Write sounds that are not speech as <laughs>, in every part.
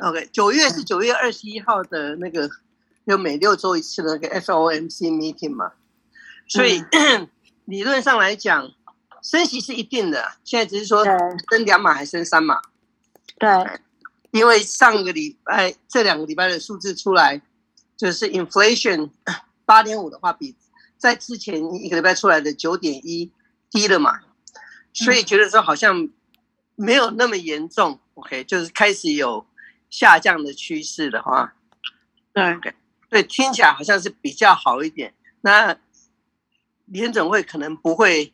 OK，九月是九月二十一號的那個，就每六周一次的那個 FOMC meeting 嘛，所以、嗯、 <coughs> 理論上來講，升息是一定的。現在只是說升兩碼還升三碼？對，因為上個禮拜，這兩個禮拜的數字出來，就是 inflation 八點五的話，比在之前一個禮拜出來的九點一低了嘛，所以覺得說好像沒有那麼嚴重。OK，就是開始有。下降的趨勢的話，對，okay，對，聽起來好像是比較好一點。嗯、那聯準會可能不會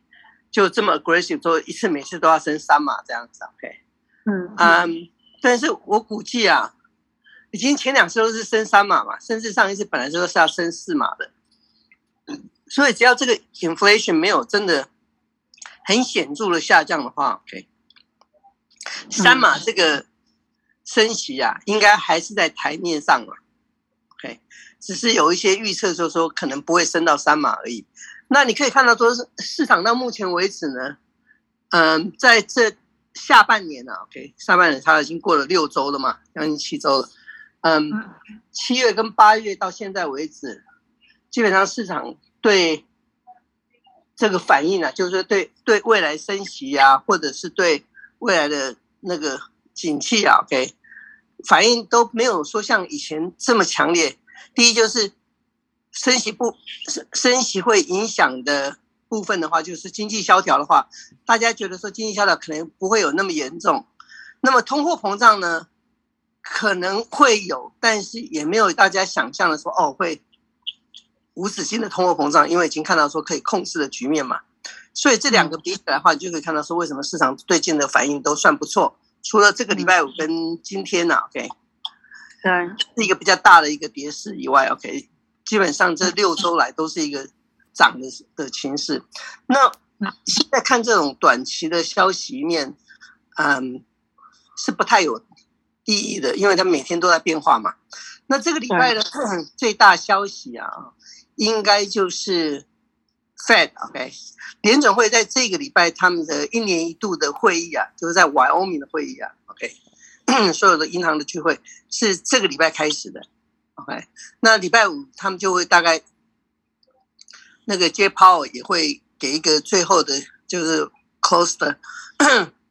就這麼 aggressive，說一次每次都要升三碼這樣子。OK，嗯，嗯 um，但是我估計啊，已經前兩次都是升三碼嘛，甚至上一次本來就說是要升四碼的。所以只要這個 inflation 沒有真的很顯著的下降的話，OK，三碼這個。嗯升息啊，應該還是在台面上嘛，OK，只是有一些預測，就是說可能不會升到三碼而已。那你可以看到說，市場到目前為止呢，嗯，在這下半年呢啊，OK，下半年它已經過了六周了嘛，將近七周了。嗯，七月跟八月到現在為止，基本上市場對這個反應啊，就是對對未來升息啊，或者是對未來的那個景氣啊，OK。反應都沒有說像以前這麼強烈。第一就是升息不升，升息會影響的部分的話，就是經濟蕭條的話，大家覺得說經濟蕭條可能不會有那麼嚴重。那麼通貨膨脹呢，可能會有，但是也沒有大家想象的說哦會無止境的通貨膨脹，因為已經看到說可以控制的局面嘛。所以這兩個比起來的話，你就可以看到說為什麼市場最近的反應都算不錯。除了這個禮拜五跟今天吶、啊、，OK，對，是一個比較大的一個跌勢以外，OK，基本上這六周來都是一個漲的的情勢。那現在看這種短期的消息面，嗯，是不太有意義的，因為它每天都在變化嘛。那這個禮拜的對最大的消息啊，應該就是。Fed OK，聯準會在這個禮拜他們的一年一度的會議啊，就是在 Wyoming 的會議啊，OK， <coughs> 所有的銀行的聚會是這個禮拜開始的，OK，那禮拜五他們就會大概那個 J Powell 也會給一個最後的就是 closing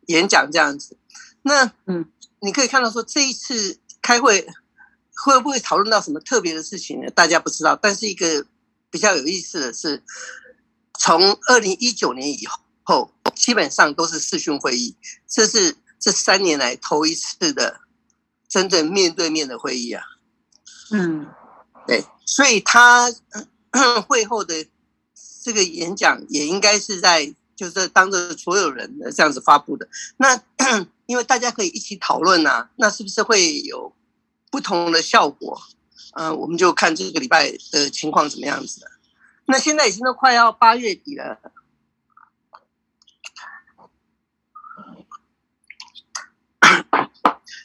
演講這樣子。那嗯，你可以看到說，這一次開會會不會討論到什麼特別的事情呢？大家不知道，但是一個比較有意思的是。從二零一九年以後，基本上都是視訊會議，這是這三年來頭一次的真正面對面的會議啊。嗯，對，所以他會後的這個演講也應該是在就是當着所有人的這樣子發布的。那因為大家可以一起討論啊，那是不是會有不同的效果？嗯、呃，我們就看這個禮拜的情況怎麼樣子的。那現在已經都快要八月底了，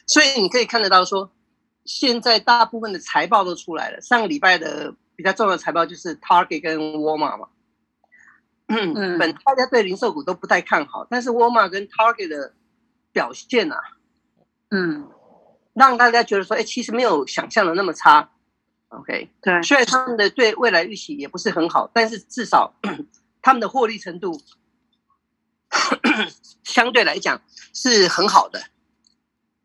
所以你可以看得到說，現在大部分的財報都出來了。上個禮拜的比較重要的財報就是 Target 跟 Walmart 嘛，本大家對零售股都不太看好，但是 Walmart 跟 Target 的表現啊，嗯，讓大家覺得說，哎，其實沒有想象的那麼差。OK，對、okay，雖然他們的對未來預期也不是很好，但是至少 <coughs> 他們的獲利程度 <coughs> 相對來講是很好的。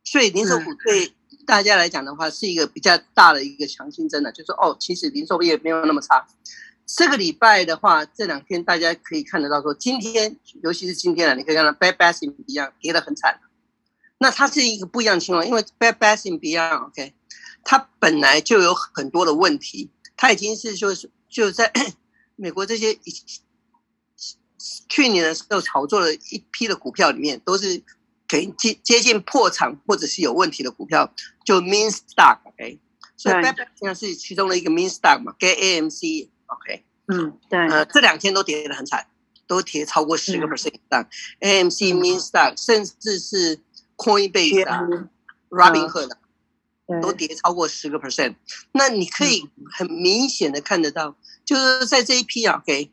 所以零售股對大家來講的話，嗯、是一個比較大的一個強心針的，就是哦，其實零售業沒有那麼差。這個禮拜的話，這兩天大家可以看得到說，說今天尤其是今天啊，你可以看到 Bed Bath & Beyond 跌得很慘。那它是一個不一樣的情況，因為 Bed Bath & Beyond OK。它本來就有很多的問題，它已經是說是就在美國這些去年的時候炒作了一批的股票裡面，都是肯接接近破產或者是有問題的股票，就 mean stock okay? 對。O.K.，所以 b a b s n 是其中的一個 mean stock 嘛？給 AMC。O.K. 嗯，對。呃，這兩天都跌得很慘，都跌超過十個 percent。嗯、AMC mean stock, stock 甚至是 Coinbase、Robinhood。對都跌超過十個 percent，那你可以很明顯的看得到，嗯、就是在這一批啊，給、okay,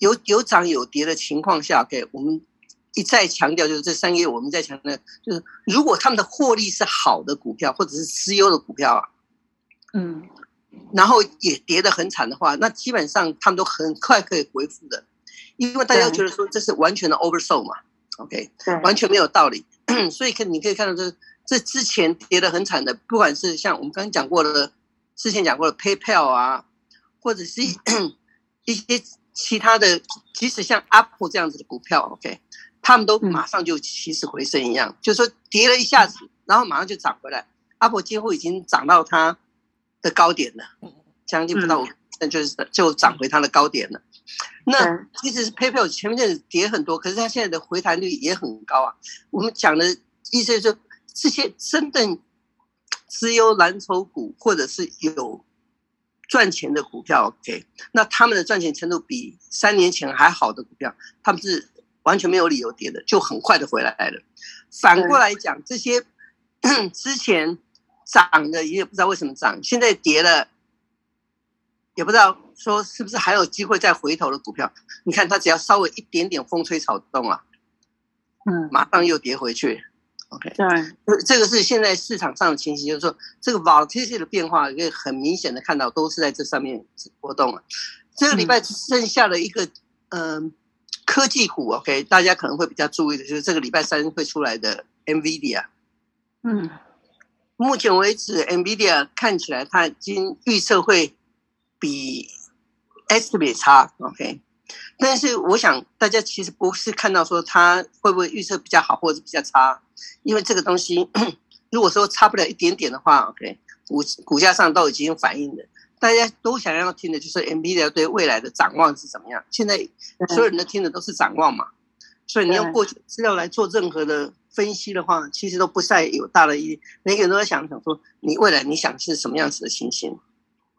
有有漲有跌的情況下，給、okay, 我們一再強調，就是這三個月我們在強調，就是如果他們的獲利是好的股票，或者是績優的股票啊，嗯，然後也跌得很慘的話，那基本上他們都很快可以恢復的，因為大家覺得說這是完全的 oversold 嘛，OK，對完全沒有道理，所以可你可以看到這。是之前跌得很慘的，不管是像我們剛剛講過的，之前講過的 PayPal 啊，或者是一些其他的，即使像 Apple 這樣子的股票，OK，他們都馬上就起死回生一樣，嗯、就是說跌了一下子，嗯、然後馬上就漲回來。Apple 幾乎已經漲到它的高點了，將近不到五，那就是就漲回它的高點了。那即使是 PayPal 前面跌很多，可是它現在的回彈率也很高啊。我們講的意思、就是。這些真的績優藍籌股，或者是有賺錢的股票，OK，那他們的賺錢程度比三年前還好的股票，他們是完全沒有理由跌的，就很快的回來了。反過來講，這些之前漲的，也不知道為什麼漲，現在跌了，也不知道說是不是還有機會再回頭的股票，你看它只要稍微一點點風吹草動啊，嗯，馬上又跌回去。OK，對，這這個是現在市場上的情形，就是說這個 Volatility 的變化可以很明顯的看到，都是在這上面波動了。這個禮拜只剩下了一個，嗯、呃，科技股 OK，大家可能會比較注意的，就是這個禮拜三會出來的 NVIDIA。嗯，目前為止 NVIDIA 看起來它已經預測會比 estimate 差 OK。但是我想，大家其實不是看到說他會不會預測比較好，或者是比較差，因為這個東西，如果說差不了一點點的話，OK，股股價上都已經有反應的。大家都想要聽的就是 NVIDIA 對未來的展望是怎麼樣。現在所有人都聽的都是展望嘛，所以你用過去資料來做任何的分析的話，其實都不再有大的意義。每個人都在想想說，你未來你想是什麼樣子的情形，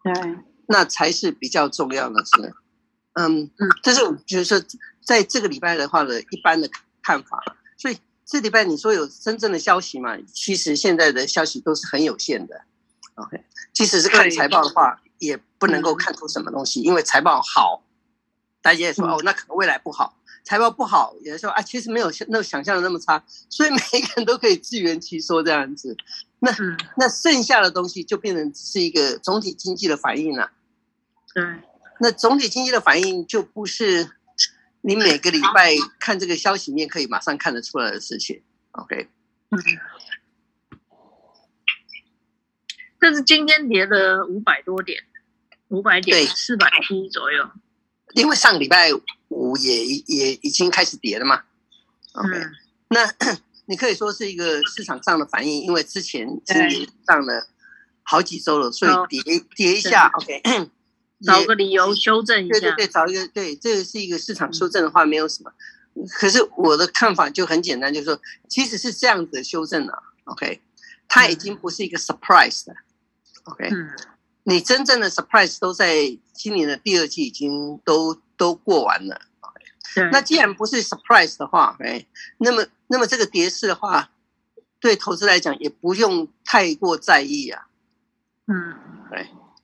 對，那才是比較重要的事。嗯嗯，這是就是說，在這個禮拜的話呢，一般的看法。所以這禮拜你說有真正的消息嘛？其實現在的消息都是很有限的。OK，即使是看財報的話，也不能夠看出什麼東西，嗯、因為財報好，大家也說哦，那可能未來不好；嗯、財報不好，有人說啊，其實沒有那想象的那麼差。所以每一個人都可以自圓其說這樣子。那、嗯、那剩下的東西就變成是一個總體經濟的反應了、啊。嗯。那總體經濟的反應就不是你每個禮拜看這個消息面可以馬上看得出來的事情。OK，、嗯、但是今天跌了五百多點，五百點四百 P 左右，因為上禮拜五也也已經開始跌了嘛。OK，、嗯、那你可以說是一個市場上的反應，因為之前已經上了好幾週了，對所以跌、哦、跌一下。對 OK。找個理由修正一下。對對對，找一個對，這個是一個市場修正的話、嗯、沒有什麼。可是我的看法就很簡單，就是說其實是這樣子的修正了、啊。OK，它已經不是一個 surprise 了。OK，、嗯、你真正的 surprise 都在今年的第二季已經都都過完了。OK，、嗯、那既然不是 surprise 的話，哎、okay,，那麼那麼這個跌勢的話，對投資來講也不用太過在意啊。Okay, 嗯，對、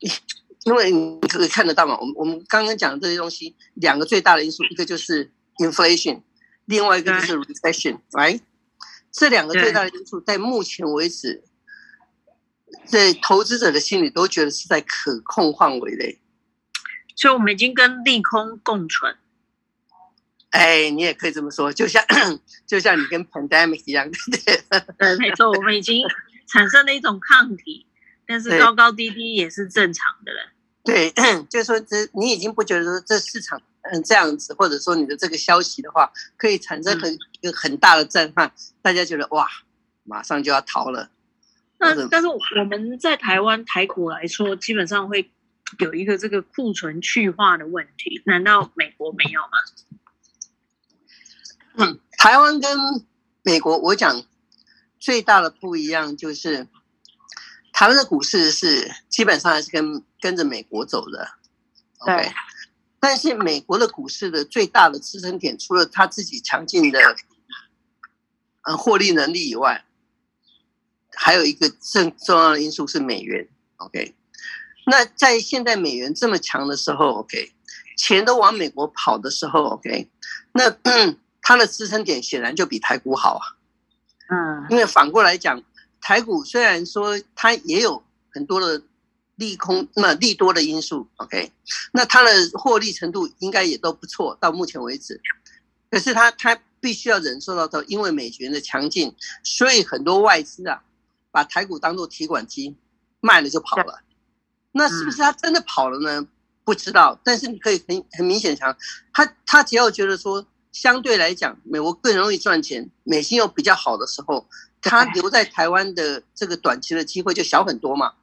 哎。因為你可以看得到嘛，我們我們剛剛講的這些東西，兩個最大的因素，一個就是 inflation，另外一個就是 recession，right？對這兩個最大的因素，在目前為止，在對投資者的心裡都覺得是在可控範圍內，所以我們已經跟利空共存。哎，你也可以這麼說，就像 <coughs> 就像你跟 pandemic 一樣，對對對，沒錯，所以我們已經產生了一種抗體。但是高高低低也是正常的了，對。對，就是說這你已經不覺得這市場嗯，這樣子，或者說你的這個消息的話，可以產生很一個、嗯、很大的震撼，大家覺得哇，馬上就要逃了。那、或者、但是我們在台灣、台股來說，基本上會有一個這個庫存去化的問題，難道美國沒有嗎？嗯，台灣跟美國我講最大的不一樣就是。台灣的股市是基本上還是跟跟着美國走的，對。但是美國的股市的最大的支撐點，除了它自己強勁的嗯獲利能力以外，還有一個重重要的因素是美元。OK，那在現在美元這麼強的時候，OK，錢都往美國跑的時候，OK，那它的支撐點顯然就比台股好啊。嗯，因為反過來講。台股雖然說它也有很多的利空，那、嗯、利多的因素，OK，那它的獲利程度應該也都不錯，到目前為止。可是它它必須要忍受到的，因為美元的強勁，所以很多外資啊，把台股當做提款機，賣了就跑了。那是不是他真的跑了呢？嗯、不知道。但是你可以很很明顯講，他他只要覺得說相對來講，美國更容易賺錢，美金又比較好的時候。他留在台灣的這個短期的機會就小很多嘛，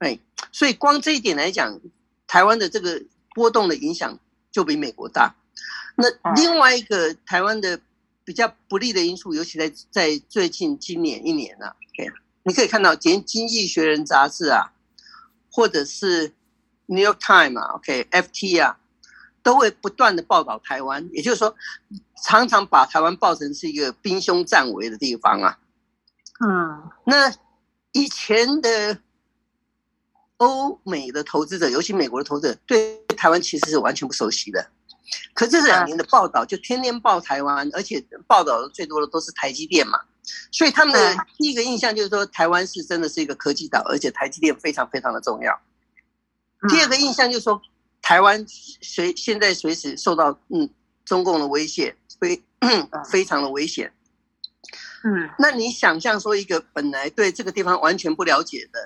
對，所以光這一點來講，台灣的這個波動的影響就比美國大。那另外一個台灣的比較不利的因素，尤其在在最近今年一年啊，你可以看到，連《經濟學人》雜誌啊，或者是《New York Times》啊，OK，FT、okay、啊。都會不斷的報道台灣，也就是說，常常把台灣報成是一個兵凶戰危的地方啊。那以前的歐美的投資者，尤其美國的投資者，對台灣其實是完全不熟悉的。可是這兩年的報道就天天報台灣，而且報道的最多的都是台積電嘛，所以他們的第一個印象就是說台灣是真的是一個科技島，而且台積電非常非常的重要。第二個印象就是說。台灣隨現在隨時受到嗯中共的威脅，非非常的危險。嗯，那你想象說一個本來對這個地方完全不了解的，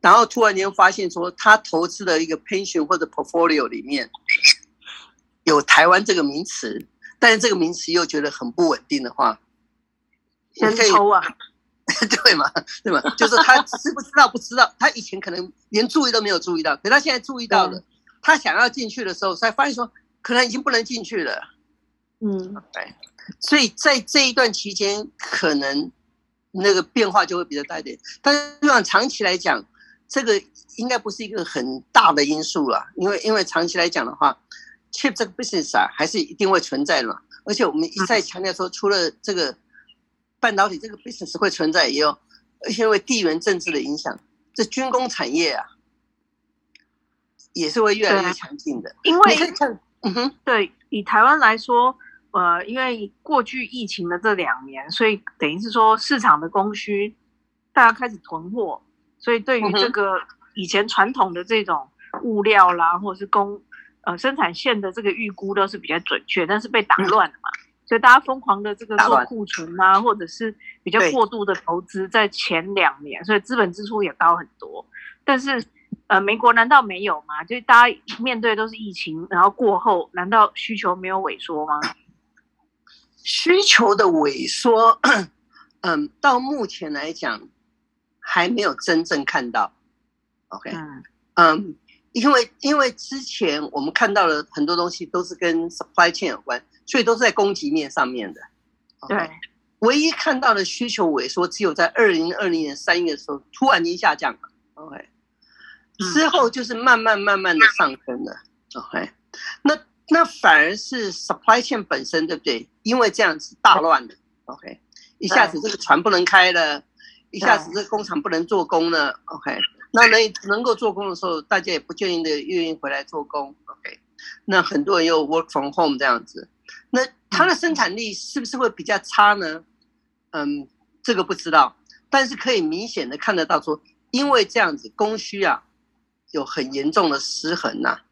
然後突然間發現說他投資的一個 pension 或者 portfolio 裡面有台灣這個名詞，但是這個名詞又覺得很不穩定的話，先抽啊，可以 <laughs> 對嘛對嘛，就是他知不知道不知道， <laughs> 他以前可能連注意都沒有注意到，可是他現在注意到了。嗯他想要進去的時候，才發現說可能已經不能進去了。嗯，對，所以在這一段期間，可能那個變化就會比較大一點。但是，如果長期來講，這個應該不是一個很大的因素了，因為因為長期來講的話 chip 這個 business 啊，還是一定會存在的。而且我們一再強調說，除了這個半導體這個 business 會存在，也有而且因為地緣政治的影響，這軍工產業啊。也是會越來越強勁的。對，因為、嗯、對，以台灣來說，呃，因為過去疫情的這兩年，所以等於是說市場的供需，大家開始囤貨，所以對於這個以前傳統的這種物料啦，嗯、哼或者是工呃生產線的這個預估都是比較準確，但是被打亂了嘛，嗯、哼所以大家瘋狂的這個做庫存啊，亂或者是比較過度的投資在前兩年，對所以資本支出也高很多，但是。呃，美國難道沒有嗎？就是大家面對都是疫情，然後過後難道需求沒有萎縮嗎？需求的萎縮，嗯，到目前來講還沒有真正看到。OK，嗯，嗯，因為因為之前我們看到的很多東西都是跟 supply chain 有關，所以都是在供給面上面的。Okay? 對，唯一看到的需求萎縮，只有在二零二零年三月的時候突然間下降。OK。之後就是慢慢慢慢的上升了。嗯、，OK，那那反而是 supply chain 本身，對不對？因為這樣子大亂了，OK，一下子這個船不能開了，哎、一下子這個工廠不能做工了，OK，那能能夠做工的時候，大家也不建議的願意的運運回來做工，OK，那很多人又 work from home 這樣子，那它的生產力是不是會比較差呢？嗯，這個不知道，但是可以明顯的看得到說，因為這樣子供需啊。有很嚴重的失衡吶、啊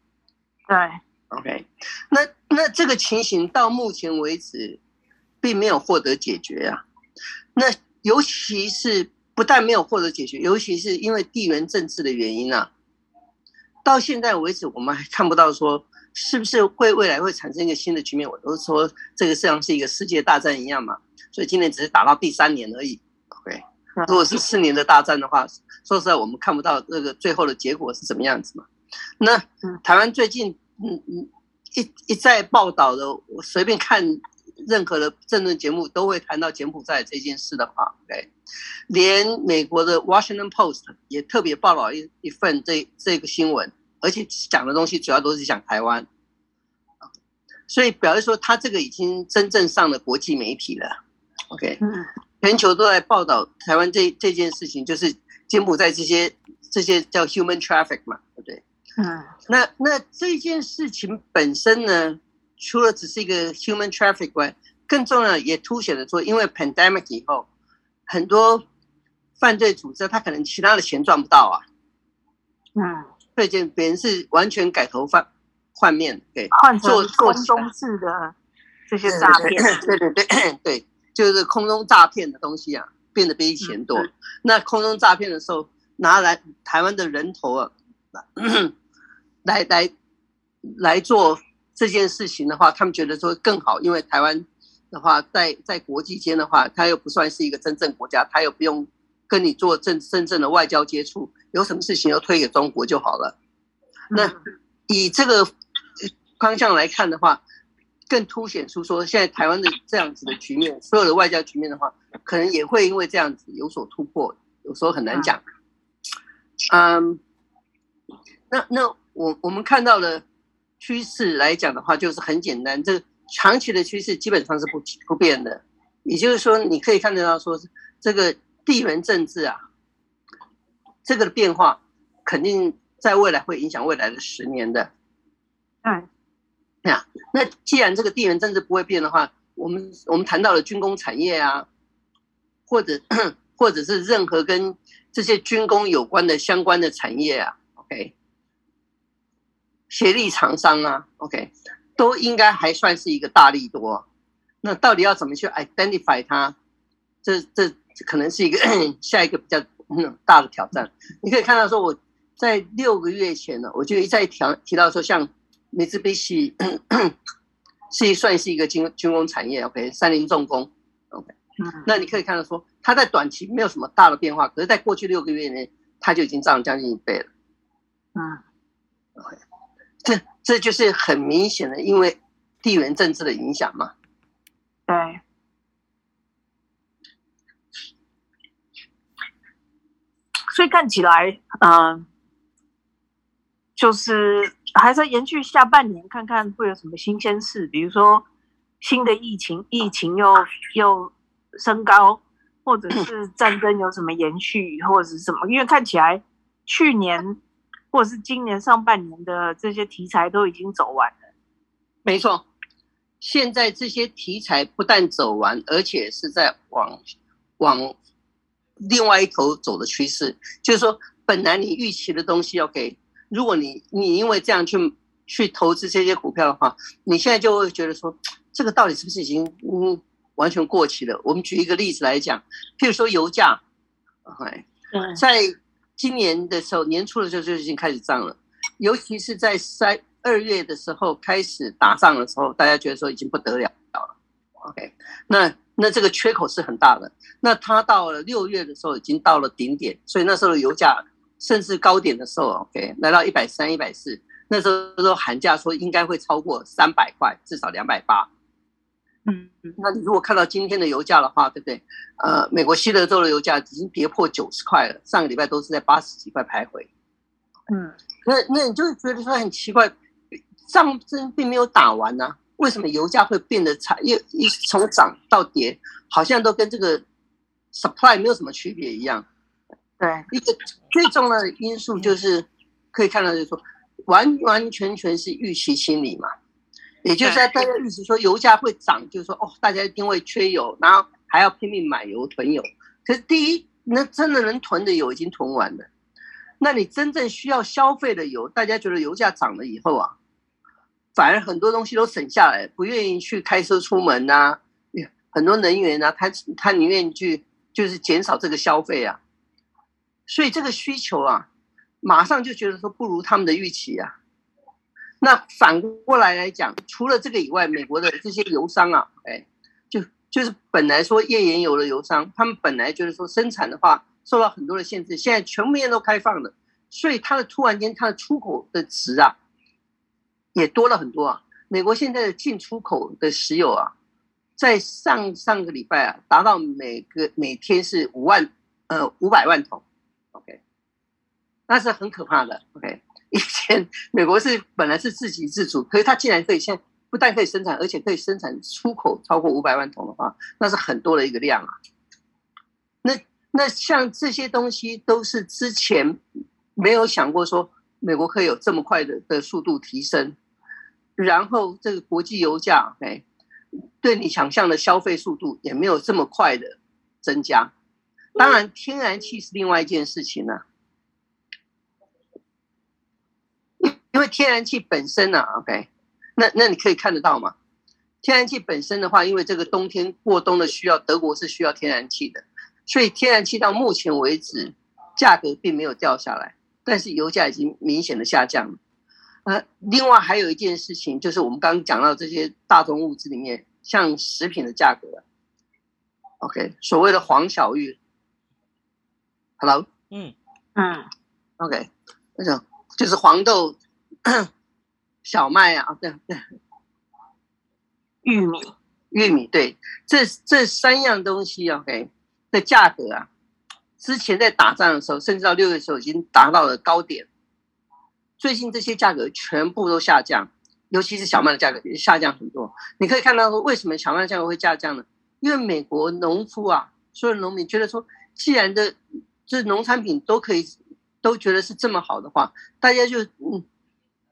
OK 對，對，OK，那那這個情形到目前為止並沒有獲得解決呀、啊。那尤其是不但沒有獲得解決，尤其是因為地緣政治的原因啊，到現在為止我們還看不到說是不是會未來會產生一個新的局面。我都說這個像是一個世界大戰一樣嘛，所以今年只是打到第三年而已。如果是四年的大戰的話，說實在，我們看不到那個最後的結果是什麼樣子嘛？那台灣最近，嗯嗯，一一再報道的，我隨便看任何的政論節目都會談到柬埔寨這件事的話，OK，連美國的《Washington Post》也特別報道一一份這這個新聞，而且講的東西主要都是講台灣，所以表示說他這個已經真正上了國際媒體了，OK、嗯。全球都在報道台灣這這件事情，就是柬埔寨這些這些叫 human traffic 嘛，對不對？嗯。那那這件事情本身呢，除了只是一個 human traffic 外，更重要也凸顯了說，因為 pandemic 以後，很多犯罪組織他可能其他的錢賺不到啊。嗯。最近別人是完全改頭換換面，對，換做做中式的這些詐騙。對對對對。 <laughs> 對對對對就是空中詐騙的東西啊，變得比以前多。嗯、那空中詐騙的時候，拿來台灣的人頭啊，咳咳來來來做這件事情的話，他們覺得說更好，因為台灣的話，在在國際間的話，它又不算是一個真正國家，它又不用跟你做正真正的外交接觸，有什麼事情要推給中國就好了。嗯、那以這個方向來看的話，更凸顯出說，現在台灣的這樣子的局面，所有的外交局面的話，可能也會因為這樣子有所突破，有時候很難講。嗯、啊 um,，那那我我們看到的趨勢來講的話，就是很簡單，這個、長期的趨勢基本上是不不變的。也就是說，你可以看得到說，這個地緣政治啊，這個的變化肯定在未來會影響未來的十年的。哎、嗯。啊，那既然這個地緣政治不會變的話，我們我們談到了軍工產業啊，或者或者是任何跟這些軍工有關的相關的產業啊，OK，協力廠商啊，OK，都應該還算是一個大利多。那到底要怎麼去 identify 它？這這可能是一個下一個比較、嗯、大的挑戰。你可以看到說，我在六個月前呢，我就一再調提到說像。美資兵器是算是一個軍軍工產業，OK？三菱重工，OK？、嗯、那你可以看得出，它在短期沒有什麼大的變化，可是，在過去六個月內，它就已經漲了將近一倍了。嗯、OK? 這這就是很明顯的，因為地緣政治的影響嘛。對。所以看起來，嗯、呃，就是。還是延續下半年，看看會有什麼新鮮事，比如說新的疫情，疫情又又升高，或者是戰爭有什麼延續或者是什麼？因為看起來去年或者是今年上半年的這些題材都已經走完了。沒錯，現在這些題材不但走完，而且是在往往另外一頭走的趨勢，就是說本來你預期的東西要給。如果你你因為這樣去去投資這些股票的話，你現在就會覺得說，這個到底是不是已經嗯完全過期了？我們舉一個例子來講，譬如說油價，對在今年的時候年初的時候就已經開始漲了，尤其是在三二月的時候開始打仗的時候，大家覺得說已經不得了了。OK，那那這個缺口是很大的，那它到了六月的時候已經到了頂點，所以那時候油價。甚至高點的時候，OK，來到一百三、一百四，那時候那喊價，說應該會超過三百塊，至少兩百八。嗯，那你如果看到今天的油價的話，對不對？呃，美國西德州的油價已經跌破九十塊了，上個禮拜都是在八十幾塊徘徊。嗯，那那你就覺得說很奇怪，戰爭並沒有打完呢、啊，為什麼油價會變得差，又一從漲到跌，好像都跟這個 supply 沒有什麼區別一樣。對，一個最重要的因素就是可以看到，就是說完完全全是預期心理嘛，也就是在大家一直說油價會漲，就是說哦，大家一定會缺油，然後還要拼命買油囤油。可是第一，那真的能囤的油已經囤完了，那你真正需要消費的油，大家覺得油價漲了以後啊，反而很多東西都省下來，不願意去開車出門吶、啊，很多能源吶、啊，他他寧願去就是減少這個消費啊。所以這個需求啊，馬上就覺得說不如他們的預期啊，那反過來來講，除了這個以外，美國的這些油商啊，哎，就就是本來說頁岩油的油商，他們本來就是說生產的話受到很多的限制，現在全部也都開放了，所以它的突然間它的出口的值啊，也多了很多啊。美國現在的進出口的石油啊，在上上個禮拜啊，達到每個每天是五萬呃五百萬桶。那是很可怕的。OK，以前美國是本來是自給自足，可是它竟然可以現在不但可以生產，而且可以生產出口超過五百萬桶的話，那是很多的一個量啊。那那像這些東西都是之前沒有想過說美國可以有這麼快的的速度提升，然後這個國際油價，哎，OK，對你想象的消費速度也沒有這麼快的增加。當然，天然氣是另外一件事情啊。因為天然氣本身呢、啊，OK，那那你可以看得到嗎？天然氣本身的話，因為這個冬天過冬的需要，德國是需要天然氣的，所以天然氣到目前為止價格並沒有掉下來，但是油價已經明顯的下降了。呃，另外還有一件事情，就是我們剛，剛講到這些大宗物資裡面，像食品的價格、啊，OK，所謂的黃小玉，Hello，嗯嗯，OK，那種就是黃豆。小麥啊，對對，玉米，玉米對，這這三樣東西，OK，的價格啊，之前在打仗的時候，甚至到六月的時候已經達到了高點，最近這些價格全部都下降，尤其是小麥的價格也下降很多。你可以看到說，為什麼小麥價格會下降呢？因為美國農夫啊，所有農民覺得說，既然的這、就是、農產品都可以，都覺得是這麼好的話，大家就嗯。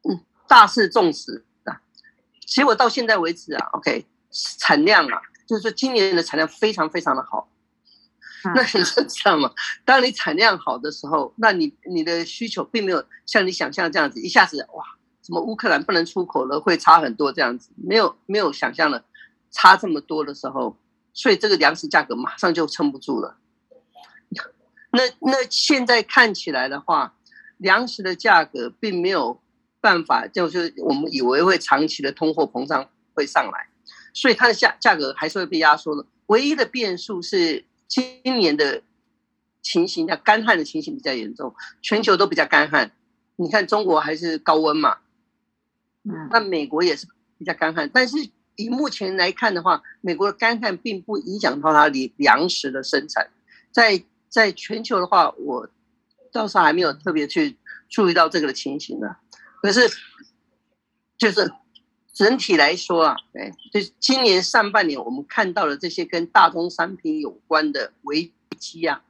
嗯、大肆種植啊！結果到現在為止啊，OK，產量啊，就是說今年的產量非常非常的好。嗯、那你知道嗎？當你產量好的時候，那你你的需求並沒有像你想象這樣子一下子哇，什麼烏克蘭不能出口了會差很多這樣子，沒有沒有想象的差這麼多的時候，所以這個糧食價格馬上就撐不住了。那那現在看起來的話，糧食的價格並沒有。辦法就是我們以為會長期的通貨膨脹會上來，所以它的價價格還是會被壓縮的。唯一的變數是今年的情形，像乾旱的情形比較嚴重，全球都比較乾旱。你看中國還是高溫嘛，嗯，那美國也是比較乾旱。但是以目前來看的話，美國的乾旱並不影響到它的糧食的生產。在在全球的話，我倒是還沒有特別去注意到這個的情形呢。可是，就是整體來說啊，對，就是今年上半年我們看到的這些跟大宗商品有關的危機啊，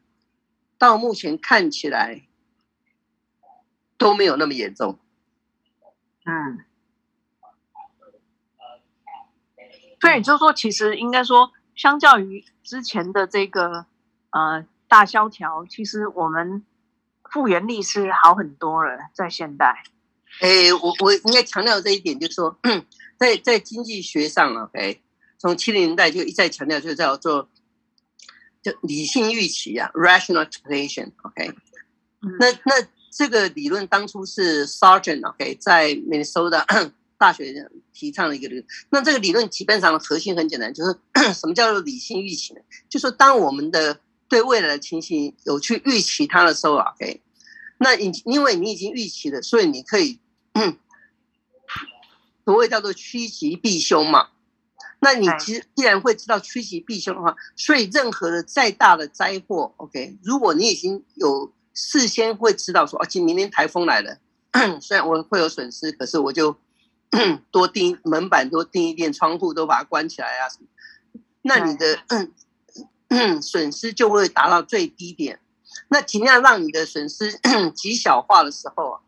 到目前看起來都沒有那麼嚴重。嗯，所以就是說，其實應該說，相較於之前的這個呃大蕭條，其實我們復原力是好很多了，在現代。誒，我我應該強調這一點，就是說，在在經濟學上，OK，從七零年代就一再強調，就叫做就理性預期啊，rational expectation，OK。那那這個理論當初是 Sargent OK 在 Minnesota 大學提倡的一個理論。那這個理論基本上的核心很簡單，就是什麼叫做理性預期呢？就是說當我們的對未來的情形有去預期它的時候，OK，那因因為你已經預期了，所以你可以。嗯，所謂叫做趨吉避凶嘛，那你既既然會知道趨吉避凶的話，所以任何的再大的災禍，OK，如果你已經有事先會知道說，哦、啊，而且明天台風來了，雖然我會有損失，可是我就多釘門板多釘，多釘一點窗戶，都把它關起來啊，什麼，那你的損失就會達到最低點，那儘量讓你的損失極小化的時候啊。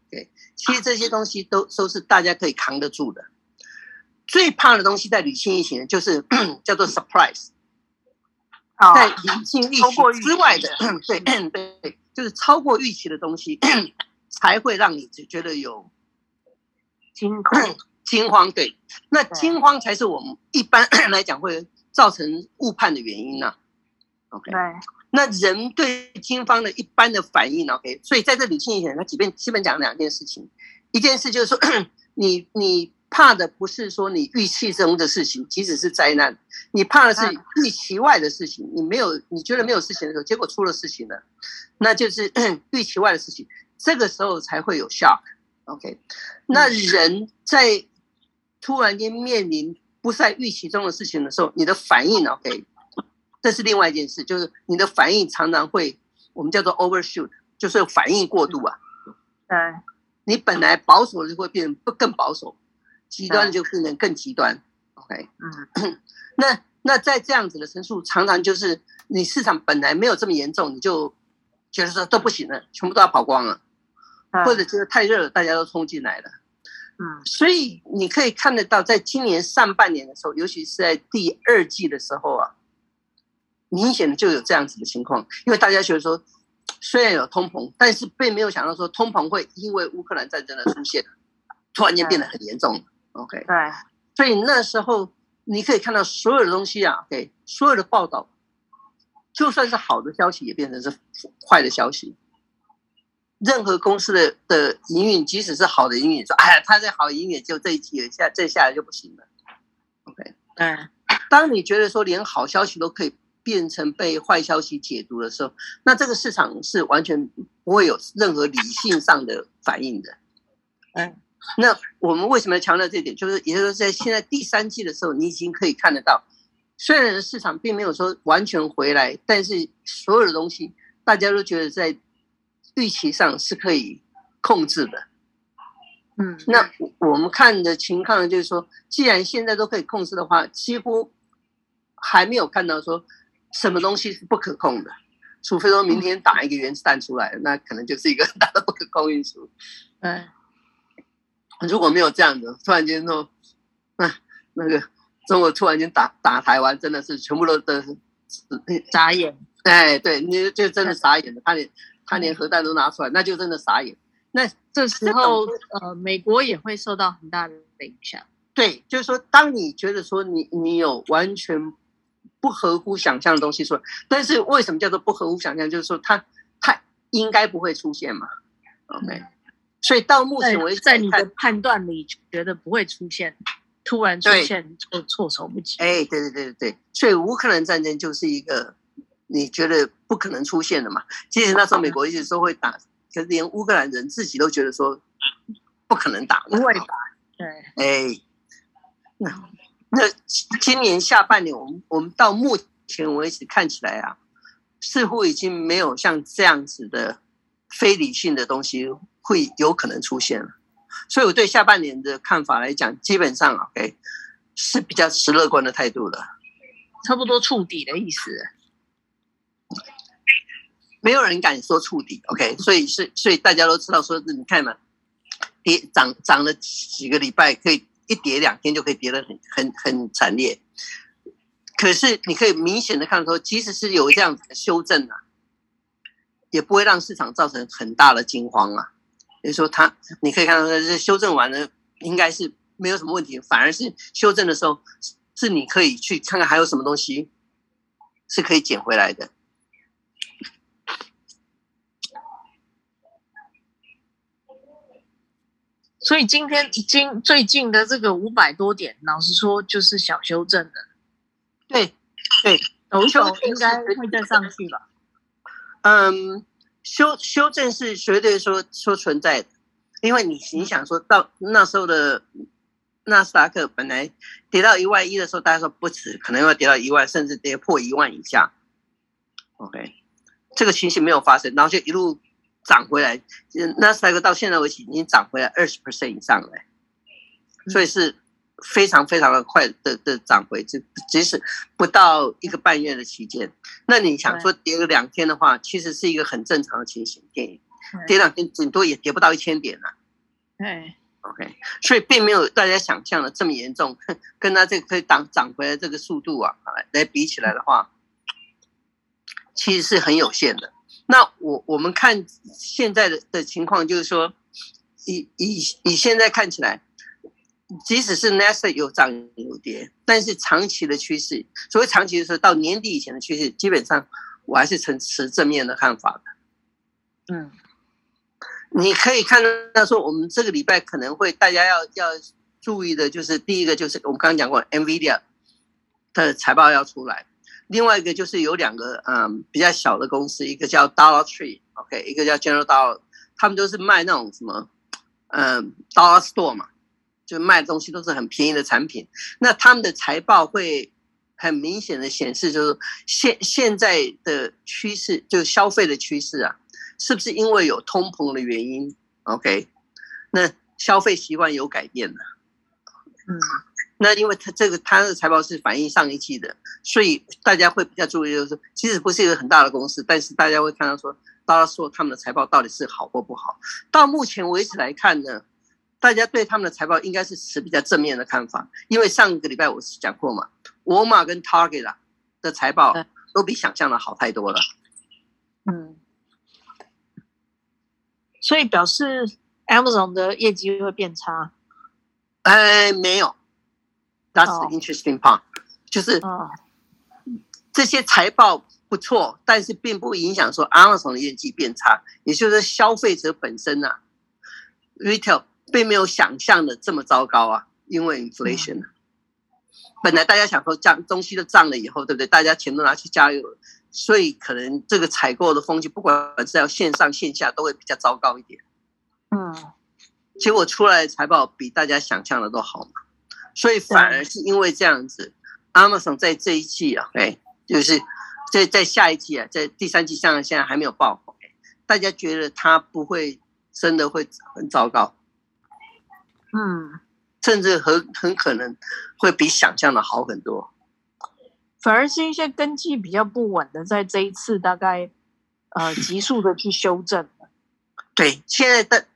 其實這些東西都都是大家可以扛得住的。最怕的東西在理性預期，就是 <coughs> 叫做 surprise。在理性預期之外的、哦對，對對，就是超過預期的東西， <coughs> 才會讓你覺得有驚驚 <coughs> 慌。對，那驚慌才是我們一般 <coughs> 來講會造成誤判的原因呢、啊。OK。對。那人對金方的一般的反應，OK，所以在這裡，清醒一點，他幾遍基本講兩件事情，一件事就是說，你你怕的不是說你預期中的事情，即使是災難，你怕的是預期外的事情，你沒有你覺得沒有事情的時候，結果出了事情了，那就是預期外的事情，這個時候才會有效，OK，那人在突然間面臨不在預期中的事情的時候，你的反應呢，OK？這是另外一件事，就是你的反應常常會我們叫做 overshoot，就是反應過度啊。對，你本來保守就會變不更保守，極端就不能更極端。OK， <coughs> 那那在這樣子的陳述，常常就是你市場本來沒有這麼嚴重，你就覺得說都不行了，全部都要跑光了，或者就是太熱了，大家都衝進來了。嗯，所以你可以看得到，在今年上半年的時候，尤其是在第二季的時候啊。明顯的就有這樣子的情況，因為大家覺得說，雖然有通膨，但是並沒有想到說通膨會因為烏克蘭戰爭的出現，嗯、突然間變得很嚴重。嗯、OK，對，嗯、所以那時候你可以看到所有的東西啊給、OK，所有的報道，就算是好的消息也變成是壞的消息。任何公司的的營運，即使是好的營運，說哎呀，他這好營運就這一季下這下來就不行了。OK，嗯，當你覺得說連好消息都可以。變成被壞消息解讀的時候，那這個市場是完全不會有任何理性上的反應的。嗯，那我們為什麼要強調這一點？就是，也就是說，在現在第三季的時候，你已經可以看得到，雖然市場並沒有說完全回來，但是所有的東西大家都覺得在預期上是可以控制的。嗯，那我們看的情況就是說，既然現在都可以控制的話，幾乎還沒有看到說。什麼東西是不可控的？除非說明天打一個原子彈出來，那可能就是一個很大的不可控因素。嗯，如果沒有這樣的，突然間說，那那個中國突然間打打台灣，真的是全部都都是，傻眼。哎，對，你就真的傻眼了。他連他連核彈都拿出來，那就真的傻眼。那這時候，種呃，美國也會受到很大的影響。對，就是說，當你覺得說你你有完全。不合乎想象的東西說，但是為什麼叫做不合乎想象就是說它它應該不會出現嘛。OK，、嗯、所以到目前為止，在你的判斷裡覺得不會出現，突然出現，對就措手不及。哎，對對對對對，所以烏克蘭戰爭就是一個你覺得不可能出現的嘛。其實那時候美國一直說會打，嗯、可是連烏克蘭人自己都覺得說不可能打，不會打。對，哎，那、嗯。那今年下半年，我們我們到目前為止看起來啊，似乎已經沒有像這樣子的非理性的東西會有可能出現了。所以，我對下半年的看法來講，基本上 OK 是比較持樂觀的態度的，差不多觸底的意思。沒有人敢說觸底，OK？所以是，是所以大家都知道說，說是你看嘛，跌漲漲了幾個禮拜可以。一跌兩天就可以跌得很、很、很慘烈。可是你可以明顯的看到說，即使是有這樣子的修正啊，也不會讓市場造成很大的驚慌啊。也就是說它，它你可以看到說，這修正完了應該是沒有什麼問題，反而是修正的時候是你可以去看看還有什麼東西是可以撿回來的。所以今天已經最近的這個五百多點，老實說就是小修正的，對對，我我應該會再上去吧。嗯，修修正是絕對說說存在的，因為你你想說到那時候的納斯達克本來跌到一萬一的時候，大家說不止，可能要跌到一萬，甚至跌破一萬以下。OK，這個情形沒有發生，然後就一路。漲回來，納斯達克到現在為止已經漲回來二十%以上了，所以是非常非常的快的的漲回，只即使不到一個半月的期間。那你想說跌了兩天的話，其實是一個很正常的情形。電影跌兩天，頂多也跌不到一千點吶、啊。對，OK，所以並沒有大家想象的這麼嚴重。跟它這個可以漲漲回來的這個速度啊來比起來的話，其實是很有限的。那我我們看現在的的情況，就是說，以以以現在看起來，即使是 Nasdaq 有漲有跌，但是長期的趨勢，所謂長期就是到年底以前的趨勢，基本上我還是持持正面的看法的。嗯，你可以看到說，我們這個禮拜可能會大家要要注意的，就是第一個就是我們剛剛講過，NVIDIA 的財報要出來。另外一個就是有兩個嗯，呃，比較小的公司，一個叫 Dollar Tree，OK，okay，一個叫 General Dollar，他們都是賣那種什麼嗯，呃，Dollar Store 嘛，就賣東西都是很便宜的產品。那他們的財報會很明顯的顯示，就是現現在的趨勢就是消費的趨勢啊，是不是因為有通膨的原因？OK，那消費習慣有改變呢？嗯。那因為他這個他的財報是反映上一季的，所以大家會比較注意，就是其實不是一個很大的公司，但是大家會看到說，大家說他們的財報到底是好或不好。到目前為止來看呢，大家對他們的財報應該是持比較正面的看法，因為上個禮拜我是講過嘛，Walmart 跟 Target 的財報都比想象的好太多了。嗯，所以表示 Amazon 的業績會變差？哎，沒有。That's the interesting part，、oh, 就是、uh, 這些財報不錯，但是並不影響說 Amazon 的業績變差。也就是消費者本身呢、啊、，Retail 並沒有想象的這麼糟糕啊，因為 inflation。嗯、本來大家想說降，東西都漲了以後，對不對？大家錢都拿去加油了，所以可能這個採購的風氣，不管是要線上線下，都會比較糟糕一點。嗯，結果出來的財報比大家想象的都好所以反而是因為這樣子，對，Amazon 在這一季啊，哎、欸，就是在在下一季啊，在第三季上，現在還沒有爆紅、欸，大家覺得它不會真的會很糟糕，嗯，甚至很很可能會比想象的好很多，反而是一些根基比較不穩的，在這一次大概呃急速的去修正，對，現在的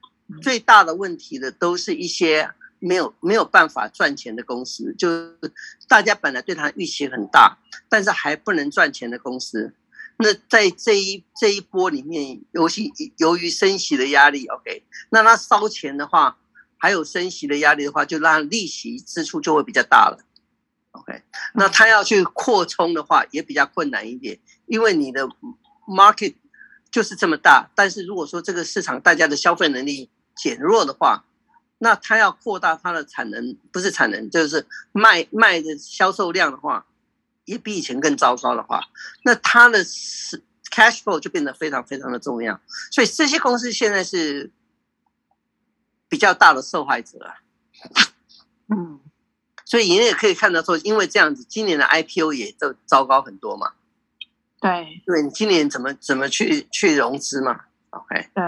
最大的問題的都是一些。沒有沒有辦法賺錢的公司，就大家本來對它預期很大，但是還不能賺錢的公司，那在這一這一波裡面，尤其由於升息的壓力，OK，那它燒錢的話，還有升息的壓力的話，就讓利息支出就會比較大了，OK，那它要去擴充的話，也比較困難一點，因為你的 market 就是這麼大，但是如果說這個市場大家的消費能力減弱的話，那他要擴大他的產能，不是產能，就是賣賣的銷售量的話，也比以前更糟糕的話，那他的是 cash flow 就變得非常非常的重要。所以這些公司現在是比較大的受害者啊。嗯，所以你也可以看到說，因為這樣子，今年的 IPO 也就糟糕很多嘛。對，對，對你今年怎麼怎麼去去融資嘛？OK。對。